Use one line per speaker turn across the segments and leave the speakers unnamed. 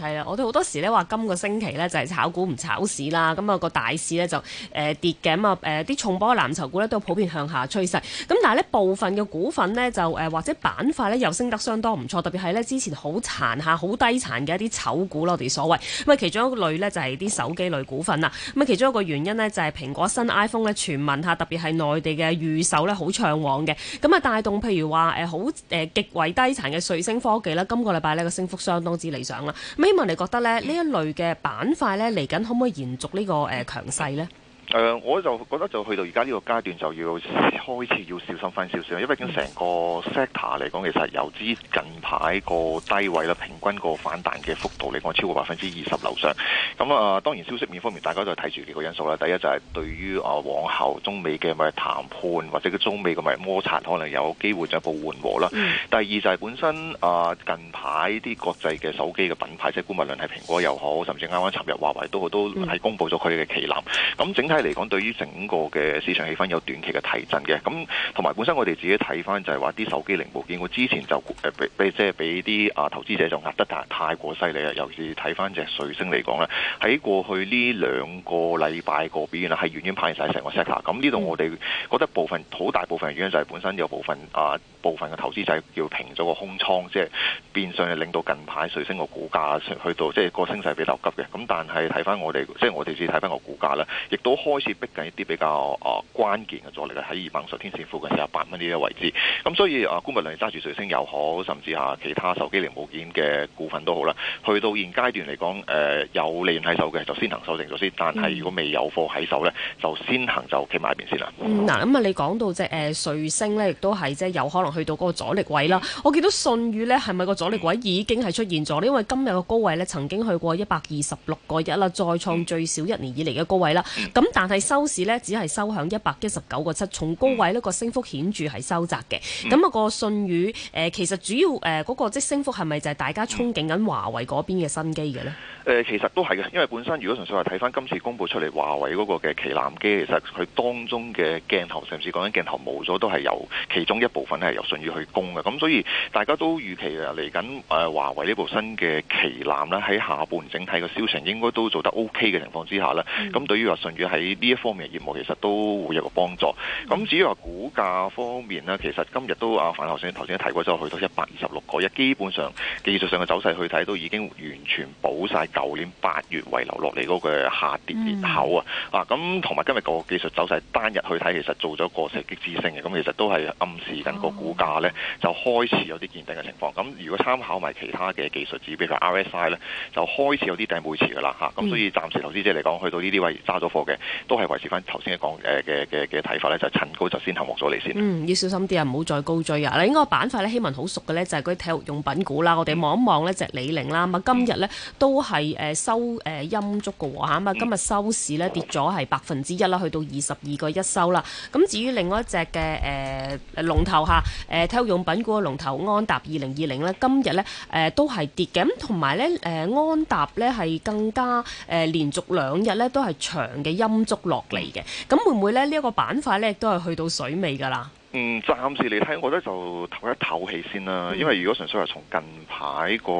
係啊，我哋好多時咧話今個星期咧就係炒股唔炒市啦，咁、那、啊個大市咧就誒、呃、跌嘅，咁啊啲重磅藍籌股咧都普遍向下趨勢，咁但係呢部分嘅股份呢，就、呃、或者板塊呢，又升得相當唔錯，特別係呢之前好殘下、好低殘嘅一啲醜股咯，我哋所謂咁啊其中一個類呢，就係啲手機類股份啦，咁啊其中一個原因呢，就係蘋果新 iPhone 咧傳聞下特別係內地嘅預售咧好暢旺嘅，咁啊帶動譬如話好、呃、極為低殘嘅瑞聲科技啦，今個禮拜呢個升幅相當之理想啦。希望你覺得咧，呢一類嘅板塊咧，嚟緊可唔可以延續呢個誒強勢咧？
誒、呃，我就覺得就去到而家呢個階段，就要開始要小心翻少少，因為已經成個 sector 嚟講，其實由之近排個低位啦，平均個反彈嘅幅度嚟講，超過百分之二十樓上。咁啊，當然消息面方面，大家就睇住呢個因素啦。第一就係對於啊往後中美嘅咪談判，或者嘅中美嘅咪摩擦，可能有機會進一步緩和啦。第二就係本身啊近排啲國際嘅手機嘅品牌，即係無論係蘋果又好，甚至啱啱尋日華為都好，都係公布咗佢哋嘅旗艦。咁整體嚟講，對於整個嘅市場氣氛有短期嘅提振嘅。咁同埋本身我哋自己睇翻，就係話啲手機零部件，我之前就誒俾俾即係俾啲啊投資者就壓得太過犀利啦。尤其是睇翻隻瑞星嚟講啦，喺過去呢兩個禮拜遠遠個表現啦，係遠遠派晒成個 set。咁呢度我哋覺得部分好大部分原因就係本身有部分啊部分嘅投資者要平咗個空倉，即係變相係令到近排瑞星個股價去到即係個升勢比較急嘅。咁但係睇翻我哋即係我哋自己睇翻個股價啦，亦都開始逼近一啲比較誒關鍵嘅阻力啦，喺二百五十天線附近，四十八蚊呢一個位置。咁、嗯、所以誒，沽物揸住瑞聲又好，甚至嚇、啊、其他手機零部件嘅股份都好啦。去到現階段嚟講，誒、呃、有利潤喺手嘅就先行收成咗先。但係如果未有貨喺手咧，就先行就企埋一邊先啦。
嗱、嗯，咁啊，你講到隻誒、呃、瑞聲咧，亦都係即係有可能去到嗰個阻力位啦。嗯、我見到舜宇咧，係咪個阻力位已經係出現咗咧？因為今日嘅高位咧，曾經去過一百二十六個一啦，再創最少一年以嚟嘅高位啦。咁、嗯嗯但係收市呢，只係收響一百一十九個七，從高位呢個升幅顯著係收窄嘅。咁啊、嗯、個信宇誒、呃，其實主要誒嗰、呃那個即升幅係咪就係大家憧憬緊華為嗰邊嘅新機嘅呢？
誒、呃，其實都係嘅，因為本身如果純粹話睇返今次公布出嚟華為嗰個嘅旗艦機，其實佢當中嘅鏡頭，甚至講緊鏡頭冇咗，都係由其中一部分咧係由信宇去供嘅。咁所以大家都預期嚟緊誒華為呢部新嘅旗艦呢，喺下半整體嘅銷情應該都做得 OK 嘅情況之下呢，咁、嗯、對於話信宇喺呢一方面嘅業務其實都會有個幫助。咁至於話股價方面呢，其實今日都阿範教授頭先都提過咗去到一百二十六個一，基本上技術上嘅走勢去睇都已經完全補晒舊年八月遺留落嚟嗰個下跌缺口、嗯、啊！啊咁同埋今日個技術走勢單日去睇，其實做咗個射擊之星嘅，咁其實都係暗示緊個股價呢、嗯 SI、呢，就開始有啲見頂嘅情況。咁如果參考埋其他嘅技術指標，譬如 RSI 呢，就開始有啲頂背馳㗎喇吓。咁所以暫時投資者嚟講，去到呢啲位揸咗貨嘅。都係維持返頭先嘅講嘅嘅嘅嘅睇法呢，就趁、是、高就先下目咗你先。嗯，
要小心啲啊，唔好再高追啊！嗱，應該個板塊呢，希文好熟嘅呢，就係嗰啲體育用品股啦。嗯、我哋望一望呢隻李寧啦，咁啊今日呢，都係、呃、收、呃、陰燭嘅喎，咁啊今日收市呢，跌咗係百分之一啦，去到二十二個一收啦。咁至於另外一隻嘅誒誒龍頭嚇、呃，體育用品股嘅龍頭安踏二零二零呢，今、呃、日呢，都係跌嘅。咁同埋呢，安踏呢係更加、呃、連續兩日呢，都係長嘅陰捉落嚟嘅，咁會唔會咧？呢一個板塊咧，都係去到水尾噶啦。
嗯，暫時嚟睇，我覺得就唞一唞氣先啦。因為如果純粹係從近排個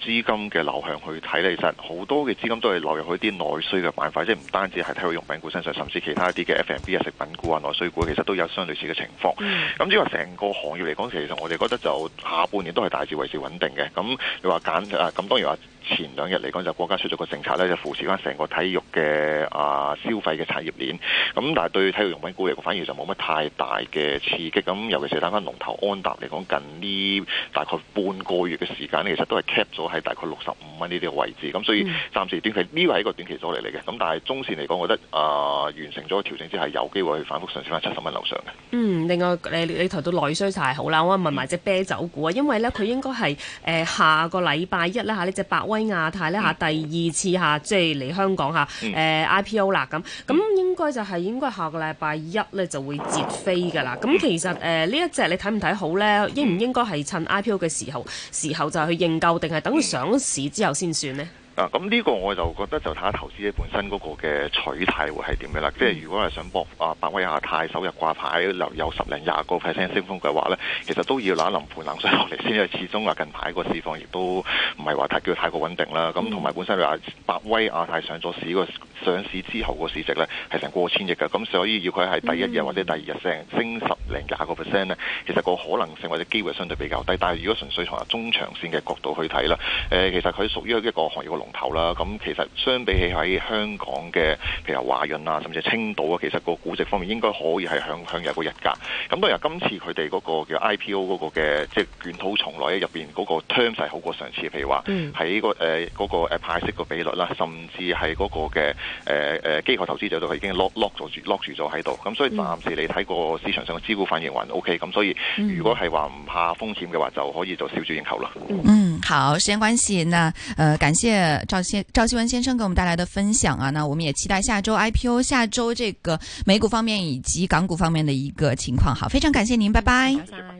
資金嘅流向去睇咧，其實好多嘅資金都係流入去啲內需嘅板塊，即係唔單止係體育用品股身上，甚至其他一啲嘅 F&B 啊、食品股啊、內需股，其實都有相類似嘅情況。咁即係話成個行業嚟講，其實我哋覺得就下半年都係大致維持穩定嘅。咁你話揀啊？咁當然啊。前兩日嚟講就國家出咗個政策咧，就扶持翻成個體育嘅啊、呃、消費嘅產業鏈。咁、嗯、但係對體育用品股嚟講，反而就冇乜太大嘅刺激。咁、嗯、尤其是睇翻龍頭安踏嚟講，近呢大概半個月嘅時間，其實都係 keep 咗喺大概六十五蚊呢啲位置。咁、嗯嗯、所以暫時短期呢個係一個短期阻力嚟嘅。咁、嗯、但係中線嚟講，我覺得啊完成咗調整之後，有機會去反覆上升翻七十蚊樓上嘅。
嗯，另外你你提到內需就係好啦，我問埋隻啤酒股啊，嗯、因為咧佢應該係誒下個禮拜一啦嚇，呢隻百亞太咧嚇，第二次嚇，即係嚟香港嚇誒 I P O 啦咁咁，應該就係應該下個禮拜一咧就會截飛嘅啦。咁其實誒呢一隻你睇唔睇好咧？應唔應該係趁 I P O 嘅時候時候就去認購，定係等佢上市之後先算呢？
啊，咁呢個我就覺得就睇下投資者本身嗰個嘅取態會係點嘅啦。即係如果係想博啊百威亞太首日掛牌留有十零廿個 percent 升幅嘅話咧，其實都要攞一盆冷水落嚟先，因為始終啊近排個市況亦都唔係話太叫太過穩定啦。咁同埋本身你話百威亞太上咗市個。上市之後個市值呢係成過千億㗎，咁所以要佢係第一日或者第二日升，mm hmm. 升十零廿個 percent 呢，其實個可能性或者機會相對比較低。但係如果純粹從中長線嘅角度去睇啦、呃，其實佢屬於一個行業嘅龍頭啦。咁其實相比起喺香港嘅譬如話華潤啊，甚至係青島啊，其實個估值方面應該可以係享享有個溢價。咁當然今次佢哋嗰個叫 IPO 嗰個嘅即係捲土重來入邊嗰個 terms 好過上次，譬如話喺、嗰個嗰、mm hmm. 呃嗰個派息個比率啦、啊，甚至係嗰個嘅。誒誒、呃呃，機構投資者就已經 lock lock 住 lock 住咗喺度，咁所以暫時你睇個市場上嘅資股反應還 OK，咁所以如果係話唔怕風險嘅話，就可以做小主應投啦。
嗯，好，時間關係，那呃感謝趙先趙晞文先生給我們帶來的分享啊，那我們也期待下周 IPO、下周這個美股方面以及港股方面的一個情況。好，非常感謝您，拜拜。謝謝。